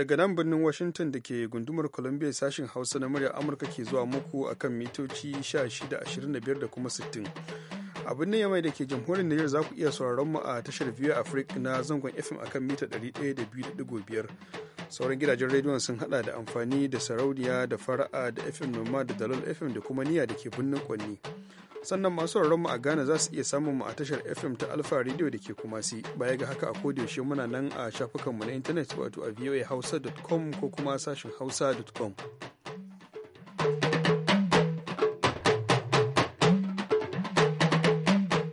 daga nan birnin washington da ke gundumar columbia sashen hausa na murya amurka ke zuwa muku akan mitoci 1625 da kuma 60 abin birnin mai da ke jamhuriyar niger za ku iya sauraron mu a tashar viewer africa na zangon fm akan mita 102.5 sauran gidajen rediyon sun hada da amfani da sarauniya da fara'a da fm noma da dalol fm da kuma niya da ke birnin kwanni sannan masu mu a Ghana za su iya samun mu a tashar FM ta Alfa Radio da ke kuma si baya ga haka a yaushe muna nan a shafukanmu na intanet wato a voahausa.com ko kuma sashin hausa.com.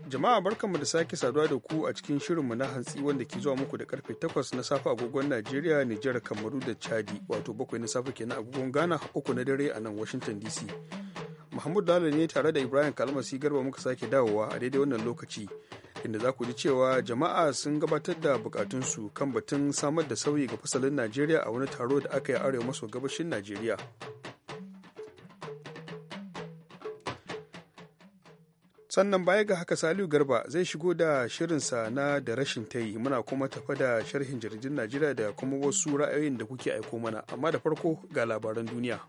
Jama'a barkanmu da sake saduwa da ku a cikin shirinmu na hantsi wanda ke zuwa muku da karfe 8 na safe agogon Najeriya, Nijar, Kamaru da Chadi, wato bakwai na safe kenan agogon Ghana, uku na dare a nan Washington DC. Mahmud Lalo ne tare da Ibrahim Kalmasi Garba muka sake dawowa a daidai wannan lokaci inda za ku ji cewa jama'a sun gabatar da bukatunsu kan batun samar da sauyi ga fasalin Najeriya a wani taro da aka yi arewa maso gabashin Najeriya. sannan baya ga haka saliu garba zai shigo da shirinsa na da rashin ta muna kuma tafa da sharhin jaridun najeriya da kuma wasu ra'ayoyin da kuke aiko mana amma da farko ga labaran duniya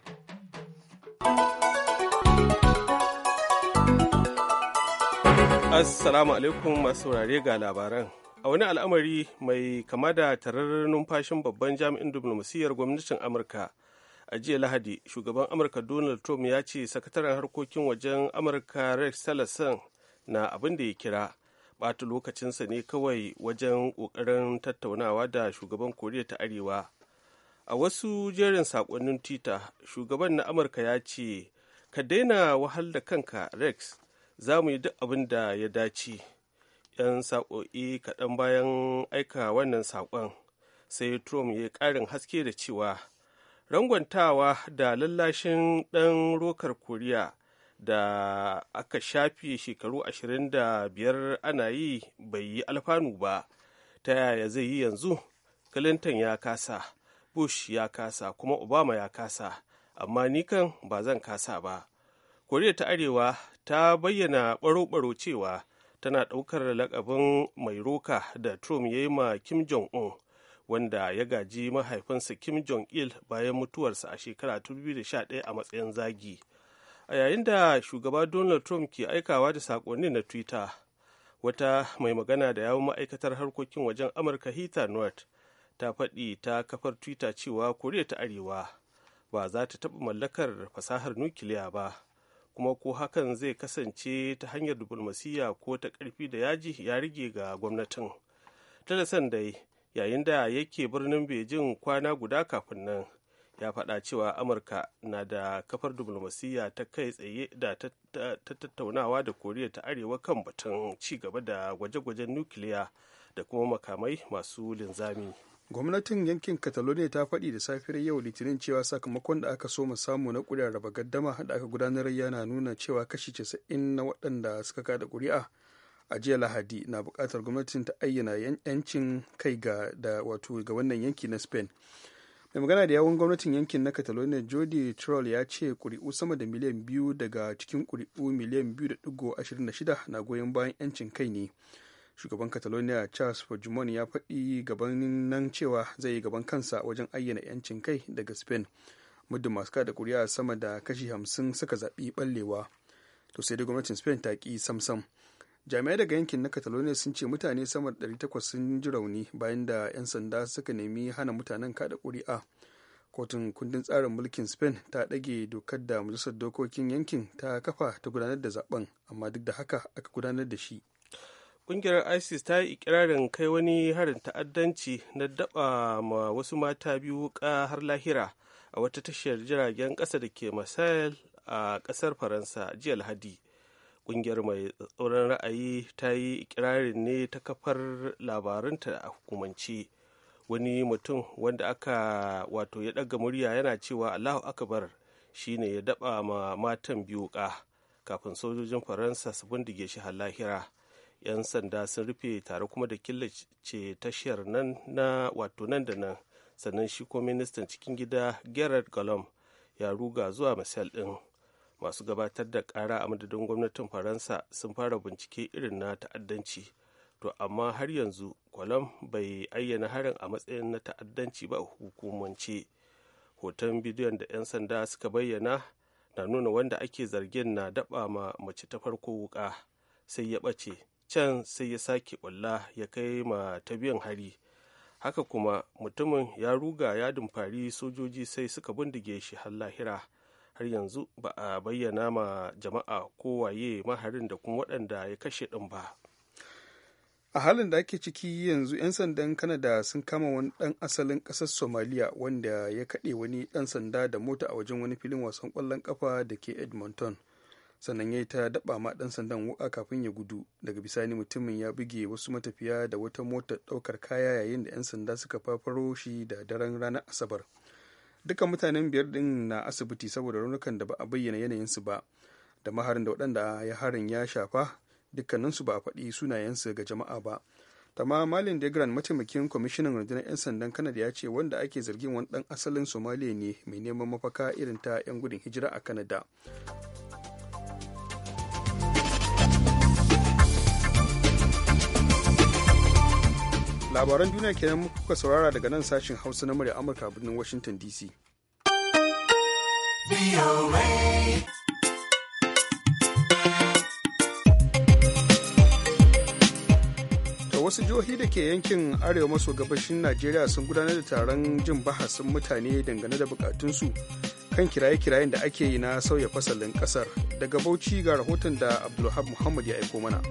Assalamu alaikum masu saurare ga labaran. A wani al'amari mai kama da tararrar numfashin babban jami'in diplomasiyyar gwamnatin Amurka. A jiya Lahadi, shugaban Amurka Donald Trump ya ce sakataren harkokin wajen Amurka Rex Tillerson na abin da ya kira Bata lokacinsa ne kawai wajen ƙoƙarin tattaunawa da shugaban Koriya ta Arewa. A wasu jerin saƙonnin Twitter, shugaban na Amurka ya ce, Ka daina wahal da kanka, Rex, za mu yi duk abin da ya dace yan saƙo'i kaɗan bayan aika wannan saƙon sai trump ya ƙarin haske da cewa rangwantawa da lallashin ɗan rokar koriya da aka shafe shekaru 25 ana yi bai yi alfanu ba ta yaya zai yi yanzu clinton ya kasa bush ya kasa kuma obama ya kasa amma nikan ba zan kasa ba koriya ta arewa ta bayyana baro-baro cewa tana ɗaukar lakabin mai roka da Trump ya yi ma Kim Jong-un wanda ya gaji mahaifinsa Kim Jong-il bayan mutuwarsa a shekara 2011 a matsayin zagi. A yayin da shugaba Donald Trump ke aikawa da saƙonni na Twitter, wata mai magana da yawon ma'aikatar harkokin wajen Amurka Heather North ta faɗi ta kafar Twitter cewa Koriya ta Arewa ba za ta taɓa mallakar fasahar nukiliya ba. kuma ko hakan zai kasance ta hanyar diplomasiyya ko ta karfi da yaji ya rige ga gwamnatin talasan dai yayin da yake birnin beijing kwana guda kafin nan ya faɗa cewa amurka na da kafar diplomasiyya ta kai tsaye da ta tattaunawa da koriya ta arewa kan batun ci gaba da gwaje-gwajen nukiliya da kuma makamai masu linzami. gwamnatin yankin catalonia ta faɗi da safiyar yau litinin cewa sakamakon da aka so mu samu na ƙuri'ar raba gaddama da aka gudanar yana nuna cewa kashi 90 na waɗanda suka kada kuri'a a jiya lahadi na buƙatar gwamnatin ta ayyana yancin kai ga da wato ga wannan yanki na spain mai magana da yawon gwamnatin yankin na catalonia jody troll ya ce kuri'u sama da miliyan biyu daga cikin ƙuri'u miliyan biyu da na goyon bayan yancin kai ne shugaban catalonia charles puigdemont ya faɗi gaban nan cewa zai yi gaban kansa wajen ayyana 'yancin kai daga spain muddin masu kada kuri'a sama da kashi 50 suka zaɓi ɓallewa to sai da gwamnatin spain ta ƙi samsam jami'ai daga yankin na catalonia sun ce mutane sama da 800 sun ji rauni bayan da 'yan sanda suka nemi hana mutanen kada kuri'a kotun kundin tsarin mulkin spain ta ɗage dokar da majalisar dokokin yankin ta kafa ta gudanar da zaben amma duk da haka aka gudanar da shi kungiyar ISIS ta yi ikirarin kai wani harin ta'addanci na daɓa ma wasu mata biyu wuƙa har lahira a wata tashar jiragen ƙasa da ke Marseille a ƙasar Faransa jiya Lahadi. kungiyar mai tsoron ra'ayi ta yi ikirarin ne ta kafar labarinta a hukumance. Wani mutum wanda aka wato ya ɗaga murya yana cewa Allahu Akbar shine ya daɓa ma matan biyu wuƙa kafin sojojin Faransa su bindige shi har lahira. 'yan sanda sun rufe tare kuma da killace tashiyar nan na wato nan da nan sannan shi ko ministan cikin gida gerard galom ya ruga zuwa misal ɗin masu gabatar da ƙara a madadin gwamnatin faransa sun fara bincike irin na ta'addanci to amma har yanzu kwalam bai ayyana harin a matsayin na ta'addanci ba hukumance hoton bidiyon da 'yan sanda suka bayyana na nuna wanda ake zargin na daba ma mace ta farko wuƙa sai ya ɓace can sai ya sake ɓulla ya kai ma ta biyan hari haka kuma mutumin ya ruga ya dumfari sojoji sai suka bindige shi har lahira har yanzu ba a bayyana ma jama'a ko waye maharin da kuma waɗanda ya kashe ɗin ba a halin da ake ciki yanzu 'yan sandan kanada sun kama wani ɗan asalin ƙasar somaliya wanda ya kaɗe wani ɗan sanda da mota a wajen wani filin wasan ƙwallon ƙafa da ke edmonton sannan ya yi ta daba ma dan sandan wuka kafin ya gudu daga bisani mutumin ya buge wasu matafiya da wata mota daukar kaya yayin da 'yan sanda suka fafaro shi da daren ranar asabar duka mutanen biyar din na asibiti saboda raunukan da ba a bayyana yanayin su ba da maharin da waɗanda ya harin ya shafa dukkaninsu ba a faɗi su ga jama'a ba tama malin degran mataimakin kwamishinan rundunar 'yan sandan kanada ya ce wanda ake zargin wani dan asalin somaliya ne mai neman mafaka irin ta 'yan gudun hijira a kanada labaran duniya kenan kuka saurara daga nan sashin hausa na murya amurka birnin washington dc wasu jihohi da ke yankin arewa maso gabashin najeriya sun gudanar da taron jin bahasin mutane dangane da bukatunsu kan kiraye-kirayen da ake yi na sauya fasalin kasar daga bauchi ga rahoton da abdulhab muhammad ya aiko mana.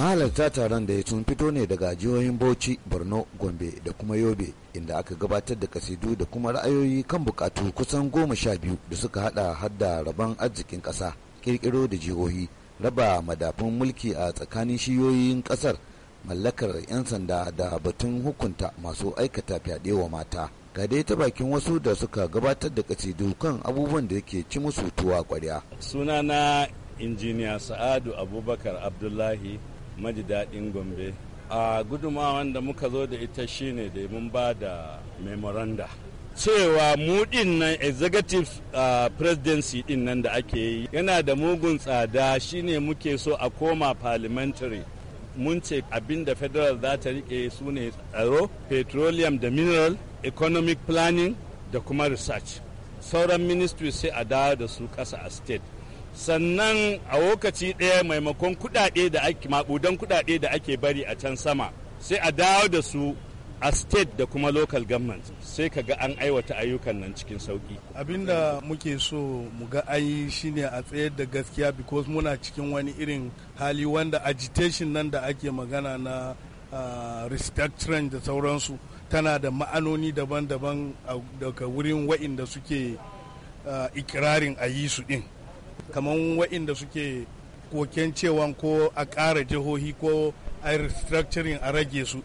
mahalarta taron da ya sun fito ne daga jihohin bauchi borno gombe da kuma yobe inda aka gabatar da kasidu da kuma ra'ayoyi kan bukatu kusan goma sha biyu da suka hada hadda rabon arzikin kasa kirkiro da jihohi raba madafin mulki a tsakanin shiyoyin kasar mallakar 'yan sanda da batun hukunta masu aikata fyaɗe wa mata ga dai ta bakin wasu da suka gabatar da kasidu kan abubuwan da yake ci musu tuwa kwarya sunana injiniya sa'adu abubakar abdullahi maji daɗin gombe a gudunmawan da muka zo da ita shine da mun ba da memoranda cewa muɗin na nan executive uh, presidency din nan da ake yi yana da mugun tsada shine muke so a koma parliamentary mun ce abin federal za ta rike su ne tsaro petroleum da mineral economic planning da kuma research sauran ministry sai a dawo da su kasa a state sannan a lokaci ɗaya maimakon kuɗaɗe da ake maɓudan kuɗaɗe da ake bari a can sama sai a dawo da su a state da kuma local government sai ka ga an aiwata ayyukan nan cikin sauki abinda muke so mu ga an yi shine a tsayar da gaskiya because muna cikin wani irin hali wanda agitation nan da ake magana na uh, restructuring da sauransu tana da ma'anoni daban-daban daga wurin wa'inda suke uh, ikirarin a yi su din kamar wa'inda suke koken cewa ko a ƙara jihohi ko a restructuring a rage su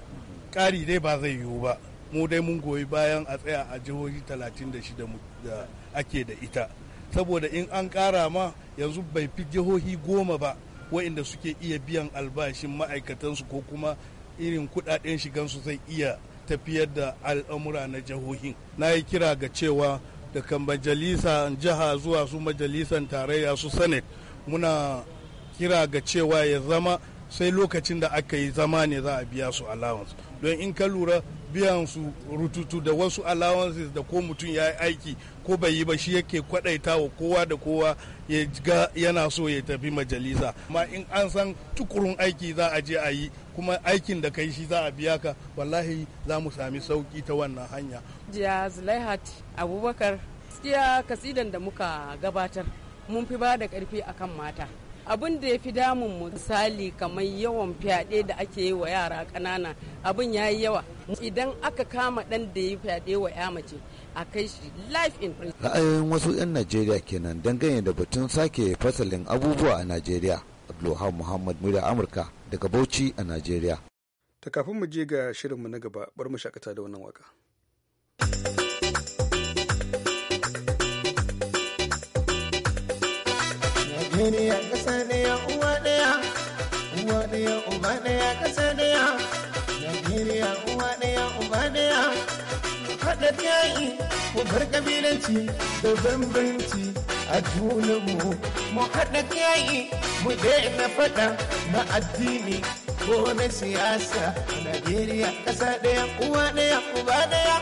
ƙari dai ba zai yiwu ba mu dai mun goyi bayan a tsaya a jihohi 36 da ake da ita saboda in an ƙara ma yanzu bai fi jihohi goma ba waɗanda suke iya biyan albashin ma'aikatansu ko kuma irin kuɗaɗen shigansu zai iya tafiyar da al'amura na jihohin na yi kira ga cewa daga majalisan jiha zuwa su majalisan tarayya su sane muna kira ga cewa ya zama sai lokacin da aka yi zama ne za a biya su allowance don in ka lura biyan su rututu da wasu allowances da ko mutum ya yi aiki ko bai yi ba shi yake kwadaita wa kowa da kowa ya ga yana so ya tafi majalisa amma in an san tukurun aiki za a je a yi kuma aikin da kai shi za a biya ka wallahi za mu sami sauki ta wannan hanya jiya zulaihat abubakar gaskiya kasidan da muka gabatar mun fi ba da karfi kan mata abin da ya fi damun mu misali kamar yawan fyaɗe da ake yi wa yara ƙanana abin ya yi yawa idan aka kama ɗan da ya fyaɗe wa ya mace a kai shi life in prison. Ra'ayoyin wasu 'yan Najeriya kenan dangane da batun sake fasalin abubuwa a Najeriya. Abdullahi Muhammad Murya Amurka daga Bauchi a Najeriya. Ta kafin mu je ga shirin mu na gaba bar mu shakata da wannan waka. Najeriya ƙasa ya uwa ɗaya, uwa ɗaya uba ɗaya ƙasa faɗar yaƙi mu bar ƙabilanci da bambanci a junanmu mu haɗa yaƙi mu daina faɗa na addini ko na siyasa Najeriya ƙasa ɗaya uwa ɗaya uba ɗaya.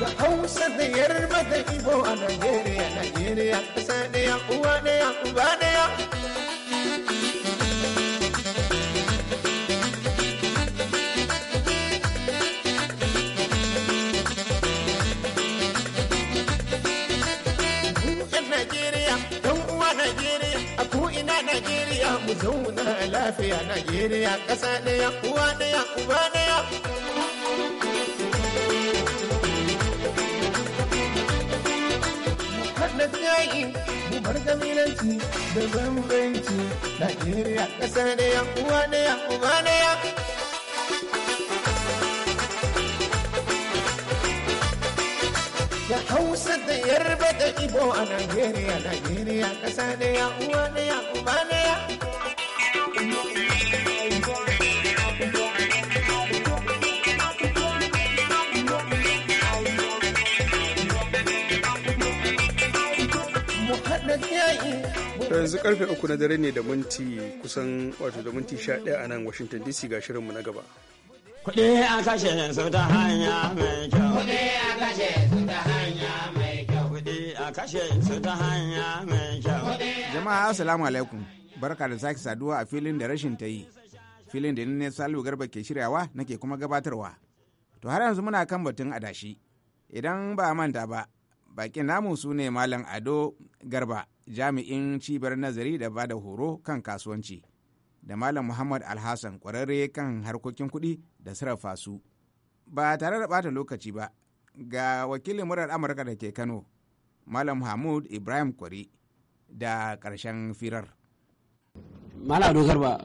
Da Hausa da Yarba da Ibo a Najeriya, Najeriya ƙasa ɗaya uwa ɗaya uba ɗaya. lafiya Najeriya ƙasa ɗaya uwa ɗaya uba ɗaya. mu bar da bambanci Najeriya ƙasa ɗaya uwa ɗaya uba ɗaya. Da Hausa da Yarba da Ibo a Najeriya, Najeriya ƙasa ɗaya uwa ɗaya uba ɗaya. yanzu karfe uku na dare ne da minti kusan wato da minti sha ɗaya a nan washington dc ga shirinmu na gaba kuɗi a kashe su ta hanya mai kyau kuɗi a kashe su ta hanya mai kyau kuɗi a kashe su ta hanya mai kyau jama'a assalamu alaikum barka da sake saduwa a filin da rashin ta yi filin da ne salu garba ke shiryawa nake kuma gabatarwa to har yanzu muna kan batun adashi idan ba manta ba bakin namu su ne malam ado garba jami'in cibiyar nazari da bada horo kan kasuwanci da malam muhammad alhassan kwararre kan harkokin kuɗi da sarrafa su ba tare da ɓata lokaci ba ga wakilin murar amurka da ke kano malam hamud ibrahim kwari da ƙarshen firar malam ado ba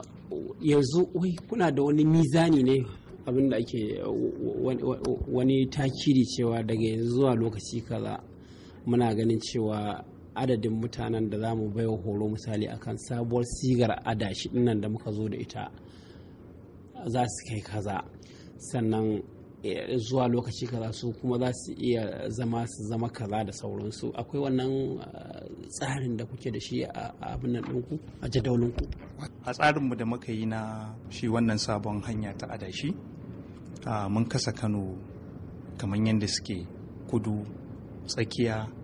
yanzu kuna da wani mizani ne abin da ake wani takiri cewa daga yanzu zuwa lokaci kaza muna ganin cewa adadin mutanen da za mu baiwa horo misali akan sabuwar sigar adashi dinnan da muka zo da ita za su kai kaza sannan eh, zuwa lokaci kaza su kuma za su iya zama su zama kaza da sauransu akwai wannan eh, tsarin da kuke da shi a abin nan ɗinku a jadawalinku a tsarinmu da muka yi na shi wannan sabon hanya ta adashi ah, mun kasa kano kamar yadda suke kudu tsakiya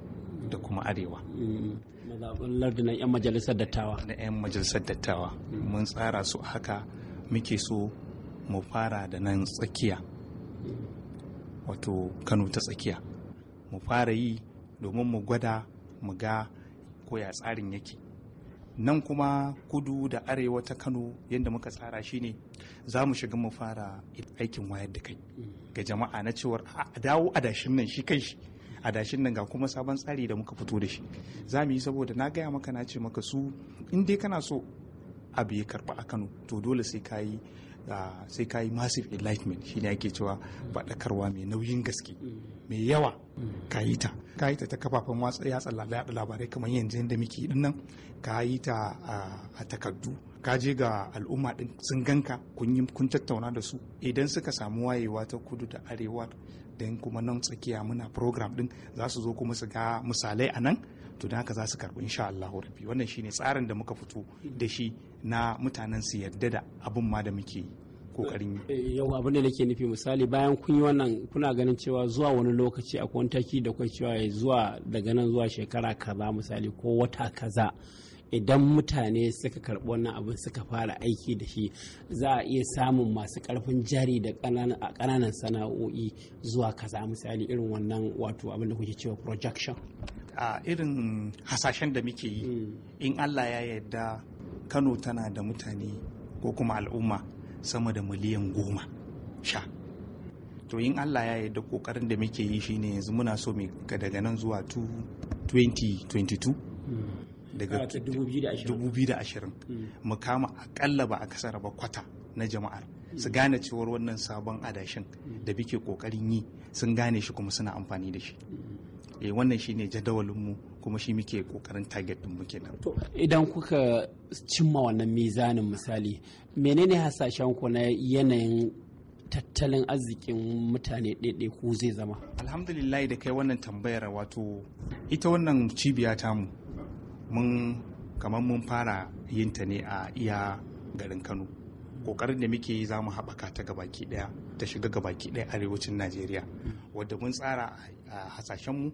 da kuma arewa mm. mazaɓin lardunan 'yan majalisar dattawa Na 'yan majalisar dattawa mun tsara su haka muke so mu fara da nan tsakiya wato kano ta tsakiya mu fara yi domin mu gwada mu ga koya tsarin yake nan kuma kudu da arewa ta kano yadda muka tsara shi ne za mu shiga mu fara aikin wayar da kai ga jama'a na cewar a dawo adashin nan shi kai shi A dashin nan ga kuma sabon tsari da muka fito da shi za mu yi saboda na gaya maka na ce maka su in dai kana so abu ya karba a kano to dole sai ka yi sai ka yi massive enlightenment shine ake cewa faɗakarwa mai nauyin gaske mai yawa ka yi ta ka yi ta ta kafafen yatsa labarai kamar yanzu yadda muke din nan ka yi ta a takardu ka je ga al'umma din sun ganka kun yi kun tattauna da su idan suka samu wayewa ta kudu da arewa don kuma nan tsakiya muna program din za su zo kuma su ga misalai a nan to don haka za su karɓi insha Allahu rabbi wannan shine tsarin da muka fito da shi na mutanen su yarda da abun ma da muke yi eh, yau abin da nake nufi misali bayan kun yi wannan kuna ganin cewa zuwa wani lokaci wani taki da kwai cewa zuwa daga nan zuwa shekara kaza misali ko wata kaza idan mutane suka karɓi wannan abin suka fara aiki da shi za a iya samun masu ƙarfin jari da ƙananan sana'o'i zuwa kaza misali irin wannan wato abin da kuke cewa projection a irin hasashen da muke yi hmm. in allah ya yarda kano tana da mutane ko kuma al'umma sama da miliyan goma sha to in allah ya yarda kokarin da muke yi shine yanzu muna so daga nan zuwa 2022 daga 2020 mm. mu kama akalla ba a kasar ba kwata na jama'ar su mm. gane cewar wannan sabon adashin mm. da bike kokarin yi sun gane shi kuma suna amfani da shi e wannan shine jadawalinmu kuma shi muke kokarin target din muke nan to idan kuka cimma wannan mizanin misali menene hasashen ku na yanayin tattalin arzikin mutane ku zai zama alhamdulillah da kai wannan tambayar wato ita wannan cibiya tamu mun kamar mun fara yin ta ne a iya garin kano kokarin da muke yi za mu haɓaka ta gabaki ɗaya ta shiga gabaki ɗaya arewacin najeriya wadda mun tsara a hasashenmu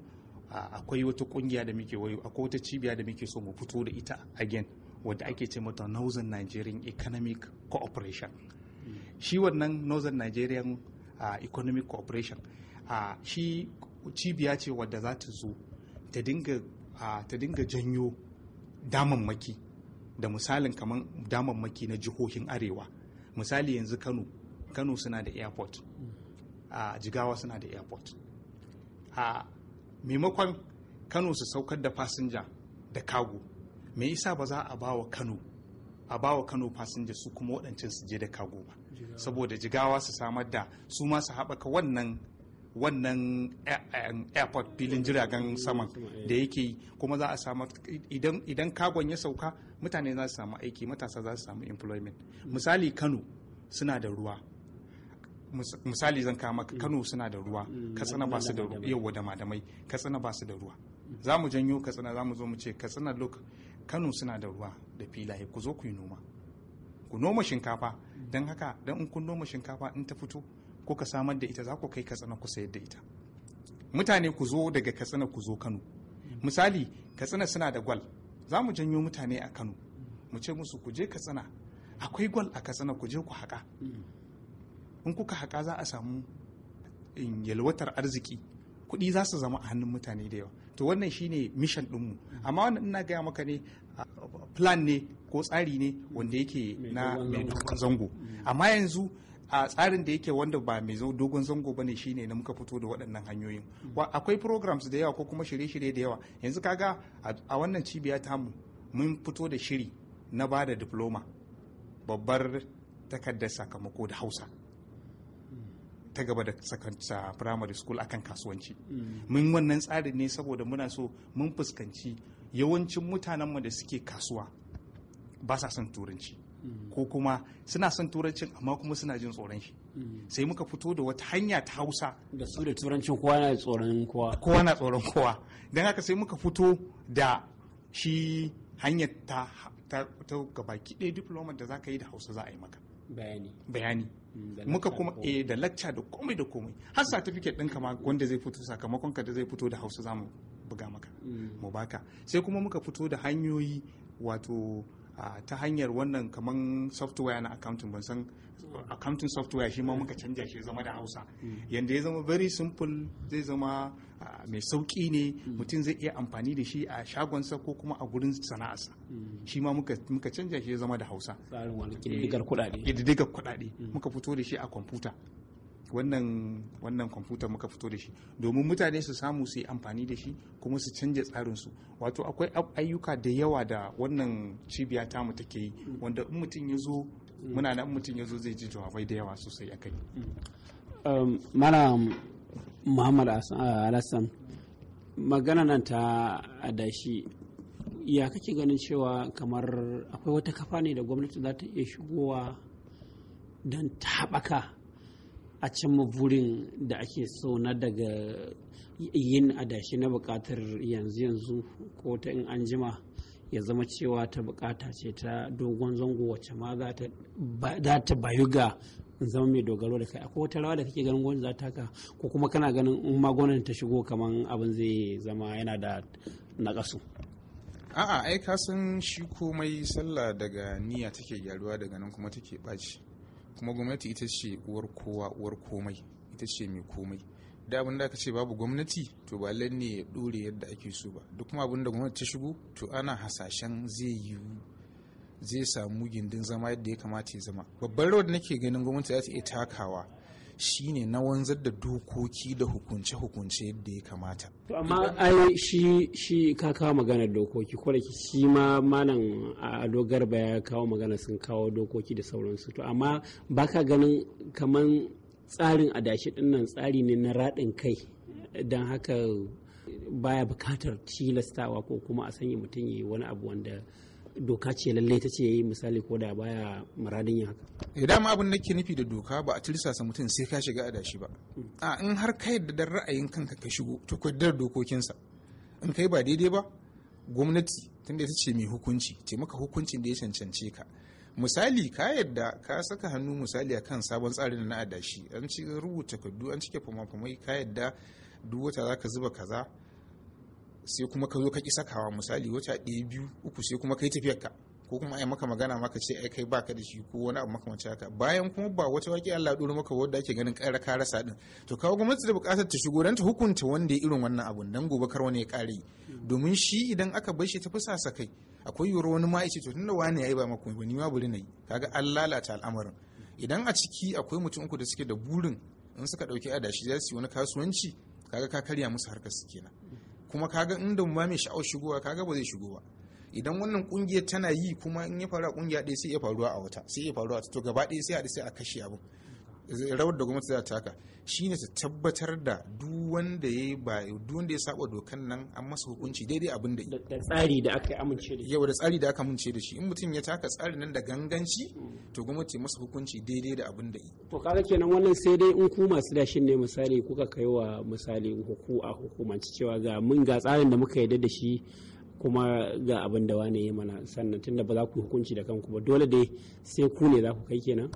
akwai wata kungiya da muke wayo akwai wata cibiya da muke so mu fito da ita again wadda ake ce mata northern nigerian economic cooperation shi wannan northern nigerian economic cooperation shi cibiya ce wadda za ta zo ta dinga janyo damammaki da misalin kamar damammaki na jihohin arewa misali yanzu kano kano suna da airport a jigawa suna da airport a maimakon kano su saukar da fasinja da kago me isa ba za a bawa kano a bawa kano fasinja su kuma waɗancan su je da kago ba saboda jigawa su samar da su ma su haɓaka wannan wannan airport filin jiragen saman da yake yi kuma za a samu idan kagon ya sauka mutane za su samu aiki matasa za su samu employment misali kano suna da ruwa misali zan kama kano suna da ruwa katsina ba su da ruwa yau da madamai katsina ba su da ruwa za mu janyo katsina za mu zo mu ce katsina look kano suna da ruwa da filaye ku zo ku yi noma ku noma shinkafa don haka don in kun noma shinkafa in ta fito ko ka samar da ita za ku kai katsina ku sayar da ita mutane ku zo daga katsina ku zo kano misali katsina suna da gwal za mu janyo mutane a kano mu ce musu ku je katsina akwai gwal a katsina ku je ku haka. in kuka haka za a samu yalwatar arziki kuɗi za su zama a hannun mutane da yawa to wannan shine mission ɗinmu amma wannan ina gaya maka ne plan ne ko tsari ne wanda yake na mai zango amma yanzu a tsarin da yake wanda ba mai dogon zango bane shine na muka fito da waɗannan hanyoyin akwai programs da yawa ko kuma shirye-shirye da yawa yanzu kaga a wannan cibiya mu mun fito da shiri na ba da diploma babbar takardar sakamako da hausa ta gaba da sakanta primary school akan kasuwanci mm. mun wannan tsarin ne saboda muna so mun fuskanci yawancin mutanenmu da suke kasuwa ba sa son turanci Mm. ko kuma suna son turancin amma kuma suna jin tsoron shi mm. sai muka fito da wata hanya ta hausa da su da turancin kowa na tsoron kowa kowa na tsoron kowa don haka sai muka fito da shi hanya ta ta gabaki ɗaya diploma da za ka yi da hausa za a yi maka bayani bayani mm, muka kuma eh da lacca da komai da komai har satifiket ɗinka ma wanda zai fito sakamakon ka da zai fito da hausa za mu buga maka mu baka sai kuma muka fito da hanyoyi wato ta hanyar wannan kamar software na accounting ban san accounting software shi ma muka canja shi zama da hausa mm. yadda ya zama very simple zai zama mai sauki ne mm. mutum zai iya amfani da shi a shagonsa ko kuma a gurin sana'arsa mm. shi ma muka canja shi zama da hausa tsarin wani kididdigar kuɗaɗe muka fito da shi a kwamfuta wannan kwamfuta muka fito da shi domin mutane su samu su yi amfani da shi kuma su canja su wato akwai ayyuka da yawa da wannan cibiya mu take yi wanda in mutum ya zo muna nan mutum ya zo zai ji jawabai da yawa sosai akai um, malam muhammad alassan ah, magana nan ta adashi ya kake ganin cewa kamar akwai wata kafa ne da gwamnati za ta iya shigowa don ta haɓaka a can burin da ake so na daga yin adashi na bukatar yanzu yanzu ko ta in an jima ya zama cewa ta bukata ce ta dogon zango wacce ma za ta bayu ga zama mai dogaro da kai akwai wata rawa da kake ganin gwamnati za ta ka ko kuma kana ganin in ta shigo kamar abin zai zama yana da nakasu a'a aika sun shi komai sallah daga niyya take gyaruwa daga nan kuma take ɓaci kuma gwamnati ita ce uwar kowa uwar komai ita ce mai komai da abin da aka ce babu gwamnati to ba lalle ya dore yadda ake so ba duk kuma abin da gwamnati ta shigo to ana hasashen zai yi zai samu gindin zama yadda ya kamata ya zama babban rawar da nake ganin gwamnati za ta iya takawa shine na wanzar da dokoki da hukunce-hukunce yadda ya kamata. To amma ai shi shi ka kawo maganar dokoki ko da shi ma malam Ado Garba ya kawo magana sun kawo dokoki da sauransu to amma ba ka ganin kamar tsarin a adashi dinnan tsari ne na raɗin kai don haka baya bukatar tilastawa ko kuma a sanya mutum yi wani abu wanda doka ce lalle ta ce yi misali ko da baya muradin ya haka Ya eh, dama abin nake nufi da doka ba a tirsasa mutum sai ka shiga adashi ba a in har ka yadda dan ra'ayin kanka ka shigo to ka dokokinsa in kai ba daidai ba gwamnati tun da ita ce mai hukunci ce maka hukuncin da ya cancance ka misali ka yadda ka saka hannu misali a kan sabon tsarin na adashi an ci rubuta kaddu an cike fama-famai ka yadda duk wata za ka zuba kaza sai kuma ka zo ka ki sakawa misali wata ɗaya biyu uku sai kuma kai tafiyar ka ko kuma ai maka magana maka ce ai kai baka da shi ko wani abu mace haka bayan kuma ba wata waki Allah dora maka wanda ake ganin ƙara ka rasa din to kawo gwamnati da buƙatar ta shigo dan ta hukunta wanda ya irin wannan abun dan gobe kar wani ya ƙare domin shi idan aka bar shi ta fusasa kai akwai yiwuwar wani ma yace to tunda wani yayi ba maka ba ni ma bari nayi yi kaga an lalata al'amarin idan a ciki akwai mutum uku da suke da burin in suka dauki adashi za su yi wani kasuwanci kaga ka karya musu harkar su kenan kuma kaga inda ma mai sha'awar shigowa kaga ba zai shigo ba idan wannan kungiyar tana yi kuma in ya faru a kungiya ɗaya sai ya faruwa a wata sai ya faruwa to gaba ɗaya sai a sai a kashe abin rawar da gwamnati za ta taka shine ta tabbatar da duk wanda ya ba duk wanda ya saba dokan nan an masa hukunci daidai abin da da tsari da aka amince da shi yau da tsari da aka amince da shi in mutum ya taka tsari nan da ganganci to gwamnati masa hukunci daidai da abin da to kaga kenan wannan sai dai in ku masu dashin ne misali kuka kai wa misali ku a hukumanci cewa ga mun ga tsarin da muka yarda da shi kuma ga abin da wane ya mana sannan tunda ba za ku hukunci da kanku ba dole dai sai ku ne za ku kai kenan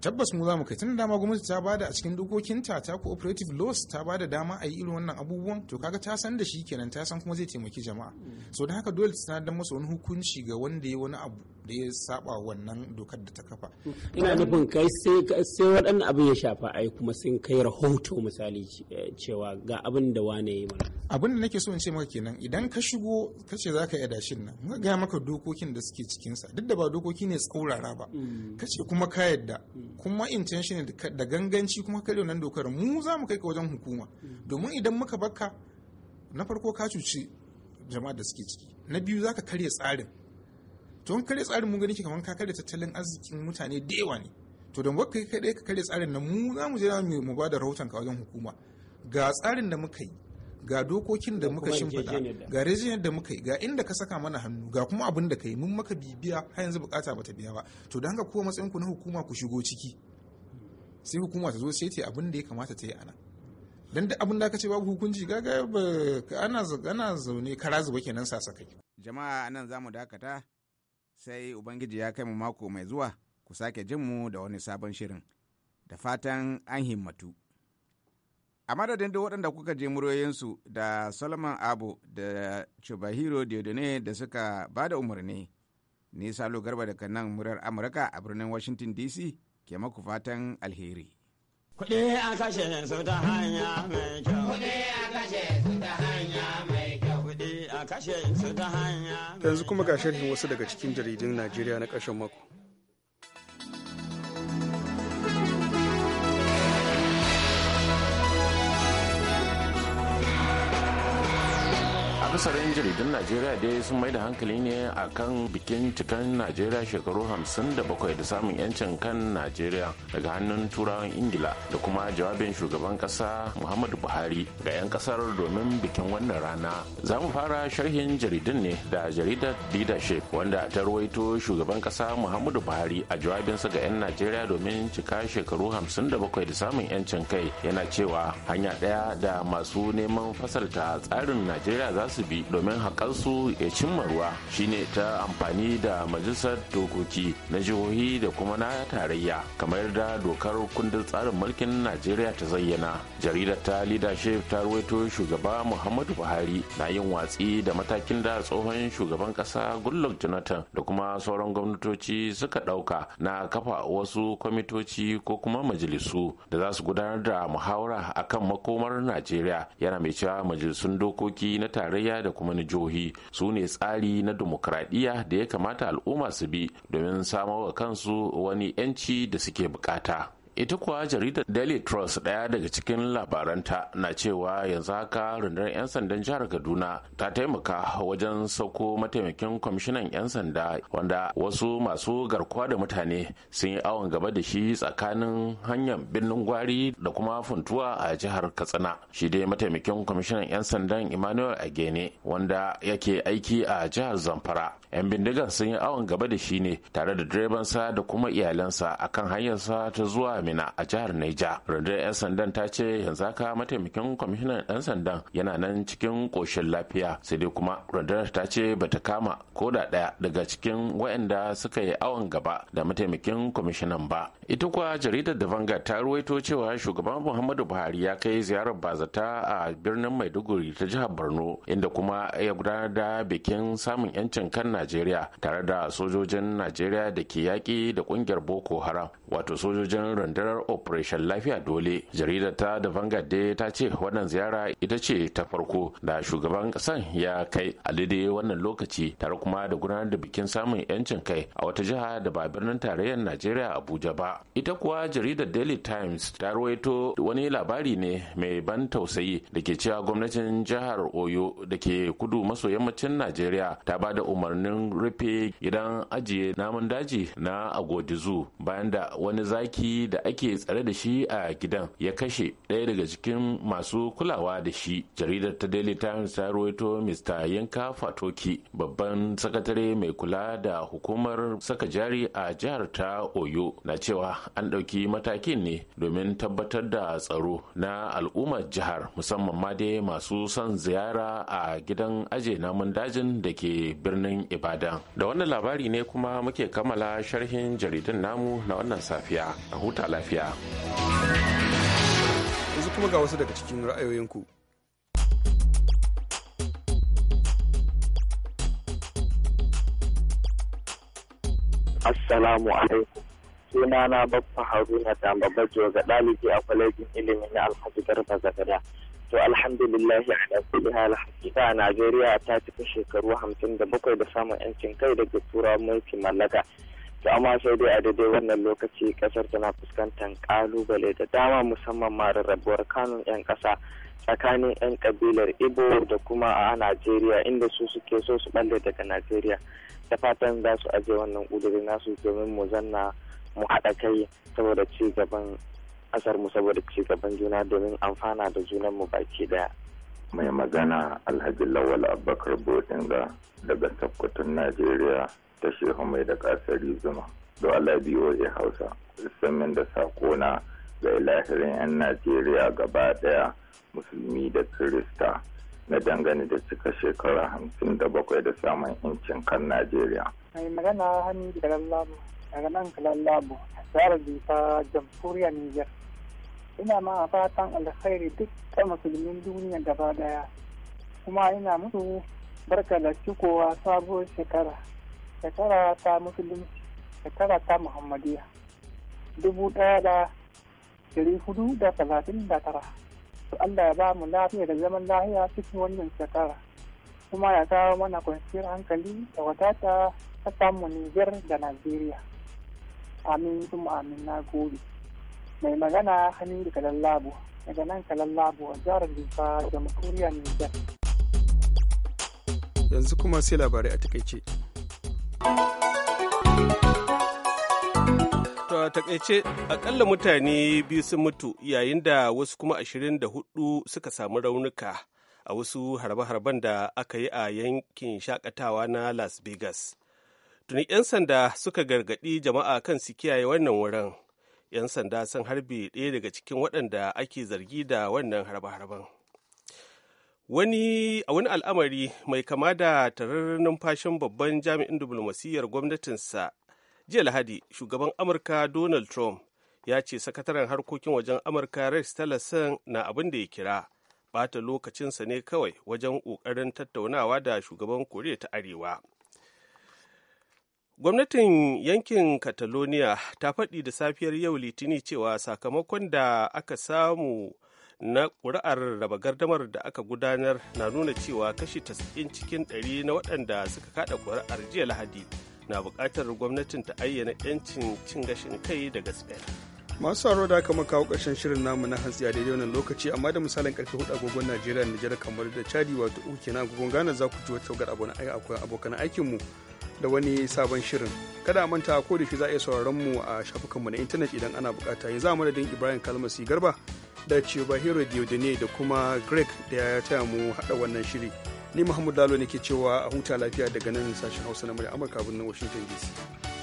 tabbas mu za mu kai tun dama gwamnati ta bada a cikin dokokinta ta cooperative laws ta bada dama a yi irin wannan abubuwan to kaga ta san da shi kenan ta san kuma zai taimaki jama'a so da haka dole ta dan masa wani hukunci ga wanda ya wani abu da ya saba wannan dokar da ta kafa ina nufin kai sai waɗannan abin ya shafa ai kuma sun kai rahoto misali eh, cewa ga abin da wane yi mana abin da nake so in ce maka kenan idan ka shigo ka ce za ka yi adashin nan muka gaya maka dokokin da suke cikinsa duk da ba dokoki ne tsaurara ba mm. ka ce kuma ka yadda mm. kuma intention da ganganci kuma ka nan dokar mu za mu kai ka wajen hukuma mm. domin idan muka baka na farko ka cuci jama'a da suke ciki na biyu za ka karya tsarin to in kare tsarin mun gani ke kamar ka karya tattalin arzikin mutane da yawa ne to don wakka kai ka karya tsarin nan mu za mu je mu ba da rahoton ka wajen hukuma ga tsarin da muka yi ga dokokin da muka shimfiɗa ga rijiyar da muka yi ga inda ka saka mana hannu ga kuma abin da ka yi mun maka bibiya har yanzu bukata bata biya ba to don haka ko matsayin ku na hukuma ku shigo ciki sai hukuma ta zo sai ta abin da ya kamata ta yi ana dan da abin da ka ce babu hukunci gaga ana ana zaune kara zuba kenan sasakai jama'a anan zamu dakata sai Ubangiji ya kai mu mako mai zuwa ku sake jin mu da wani sabon shirin. Da fatan an himmatu. A madadin da waɗanda kuka je muryoyinsu da Solomon Abu da Chubahiro Diodone da suka ba da umarni, ni Salo Garba daga nan murar Amurka a birnin Washington DC ke maku fatan alheri. Kuɗi a kashe su ta hanya mai kyau. Kuɗi a kashe su Yanzu kuma ga sharhin wasu daga cikin jaridun Najeriya na ƙarshen mako. yan jaridun najeriya dai sun mai da hankali ne a kan bikin cikan najeriya shekaru 57 da samun yancin kan najeriya daga hannun turawan ingila da kuma jawabin shugaban kasa muhammadu buhari ga 'yan kasar domin bikin wannan rana za mu fara sharhin jaridun ne da jaridar leadership wanda ta ruwaito shugaban kasa muhammadu buhari a jawabinsa ga 'yan najeriya domin cika shekaru 57 da samun yancin kai yana cewa hanya ɗaya da masu neman fasalta tsarin najeriya za su domin haƙarsu ya cimma ruwa shine ta amfani da majalisar dokoki na jihohi da kuma na tarayya kamar da dokar kundin tsarin mulkin najeriya ta zayyana jaridar ta leadership ta ruwaito shugaba muhammadu buhari na yin watsi da matakin da tsohon shugaban ƙasa goodluck jonathan da kuma sauran gwamnatoci suka ɗauka na kafa wasu kwamitoci ko kuma majalisu da za su gudanar da muhawara akan makomar najeriya yana mai cewa majalisun dokoki na tarayya da kuma na jihohi su ne tsari na demokradiyya da ya kamata al'umma su bi domin samar wa kansu wani 'yanci da suke bukata. ita kuwa jaridar daily trust daya daga cikin labaranta na cewa yanzu haka rundunar 'yan sandan jihar kaduna ta taimaka wajen sauko mataimakin kwamishinan 'yan sanda wanda wasu masu garkuwa da mutane sun yi awon gaba da shi tsakanin hanyar birnin gwari da kuma funtuwa a jihar katsina shi dai mataimakin kwamishinan 'yan sandan emmanuel agene wanda yake aiki a jihar zamfara 'yan bindigan sun yi awon gaba da shi ne tare da direbansa da kuma iyalansa akan hanyarsa ta zuwa Amina a jihar Neja. Rundunar 'yan sandan ta ce yanzu haka mataimakin kwamishinan 'yan sandan yana nan cikin koshin lafiya sai dai kuma rundunar ta ce bata kama ko da ɗaya daga cikin waɗanda suka yi awon gaba da mataimakin kwamishinan ba. Ita kuwa jaridar da Vanguard ta ruwaito cewa shugaban Muhammadu Buhari ya kai ziyarar bazata a birnin Maiduguri ta jihar Borno inda kuma ya gudanar da bikin samun 'yancin kan Najeriya tare da sojojin Najeriya da ke yaƙi da ƙungiyar Boko Haram wato sojojin rundunar rundunar operation lafiya dole jaridar ta da ta ce wannan ziyara ita ce ta farko da shugaban kasan ya kai a daidai wannan lokaci tare kuma da gudanar da bikin samun yancin kai a wata jiha da ba birnin tarayyar najeriya abuja ba ita kuwa jaridar daily times ta ruwaito wani labari ne mai ban tausayi da ke cewa gwamnatin jihar oyo da ke kudu maso yammacin najeriya ta ba da umarnin rufe gidan ajiye namun daji na agodizu bayan da wani zaki da da ake tsare da shi a gidan ya kashe ɗaya daga cikin masu kulawa da shi jaridar ta daily times ta ruwaito mr yanka fatoki babban sakatare mai kula da hukumar saka jari a jihar ta oyo na cewa an ɗauki matakin ne domin tabbatar da tsaro na al'ummar jihar musamman ma dai masu son ziyara a gidan aje namun dajin da ke birnin ibadan da wannan labari ne kuma muke kammala sharhin jaridan namu na wannan safiya a huta lafiya yanzu kuma ga wasu daga cikin ra'ayoyinku assalamu alaikum suna na babba haruna tambabajo ga ɗalibi a kwalejin ilimi na alhaji garba zagada to alhamdulillahi ala kulli hal hakika najeriya ta cika shekaru hamsin da bakwai da samun yancin kai daga turawan mulki mallaka to amma sai dai a daidai wannan lokaci kasar tana fuskantar kalubale da dama musamman ma rarrabuwar kanun 'yan kasa tsakanin 'yan kabilar ibo da kuma a najeriya inda su suke so su balle daga najeriya da fatan za su aje wannan kuduri nasu domin mu zanna mu haɗa kai saboda ci gaban kasar mu saboda ci gaban juna domin amfana da junan mu baki daya mai magana alhaji lawal abubakar bodinga daga sakkwatin najeriya ta shehu mai da kasari zuma don Allah BOA Hausa musamman da sakona ga ilahirin 'yan Najeriya gaba ɗaya musulmi da Kirista na dangane da cika shekara hamsin da bakwai da samun incin kan Najeriya. Mai magana hannu da labu daga nan kalan labu a tsarar bisa jamhuriyar Nijar. Ina ma fatan alkhairi duk ta musulmin duniya gaba daya kuma ina musu barka da cikowa sabuwar shekara. shekara ta musulunci shekara ta muhammadiya dubu ɗaya da dari hudu da talatin da tara to Allah ya ba mu lafiya da zaman lahiya cikin wannan shekara kuma ya kawo mana kwanciyar hankali da wadata ta samu Nijar da Najeriya amin kuma amin na gobe mai magana hannun da kalan labo daga nan kalan labo a jihar Jifa jamhuriyar Nijar yanzu kuma sai labarai a takaice a takaice akalla mutane biyu sun mutu yayin da wasu kuma ashirin da hudu suka samu raunuka a wasu harbe-harben da aka yi a yankin shakatawa na las vegas tuni 'yan sanda suka gargaɗi jama'a kan su kiyaye wannan wurin 'yan sanda sun harbe ɗaya daga cikin waɗanda ake zargi da wannan harbe-harben wani a wani al'amari mai kama da tararar numfashin babban jami'in diplomasiyyar gwamnatinsa jiya lahadi shugaban amurka donald trump ya ce sakataren harkokin wajen amurka rex tillerson na abin da ya kira bata lokacinsa ne kawai wajen ƙoƙarin tattaunawa da shugaban koriya ta arewa gwamnatin yankin catalonia ta faɗi da safiyar yau litini cewa sakamakon da aka samu na ƙuri'ar raba gardamar da aka gudanar na nuna cewa kashi 90 cikin 100 na waɗanda suka kaɗa ƙuri'ar jiya lahadi na buƙatar gwamnatin ta ayyana 'yancin cin gashin kai daga spain masu tsaro da aka makawo ƙarshen shirin namu na hantsi a daidai wannan lokaci amma da misalin karfe hudu agogon najeriya nijar kamar da chadi wato uku na agogon ghana za ku ji wata tawagar abokan aikinmu da wani sabon shirin kada a manta ko da shi za a iya sauraron mu a shafukanmu na intanet idan ana bukata yanzu a madadin ibrahim kalmasi garba da ciyo bahiro diodene da kuma greg da ya taya mu haɗa wannan shiri ni Muhammadu Lalo ne ke cewa a huta lafiya daga nan sashen Hausa na Amurka birnin Washington DC.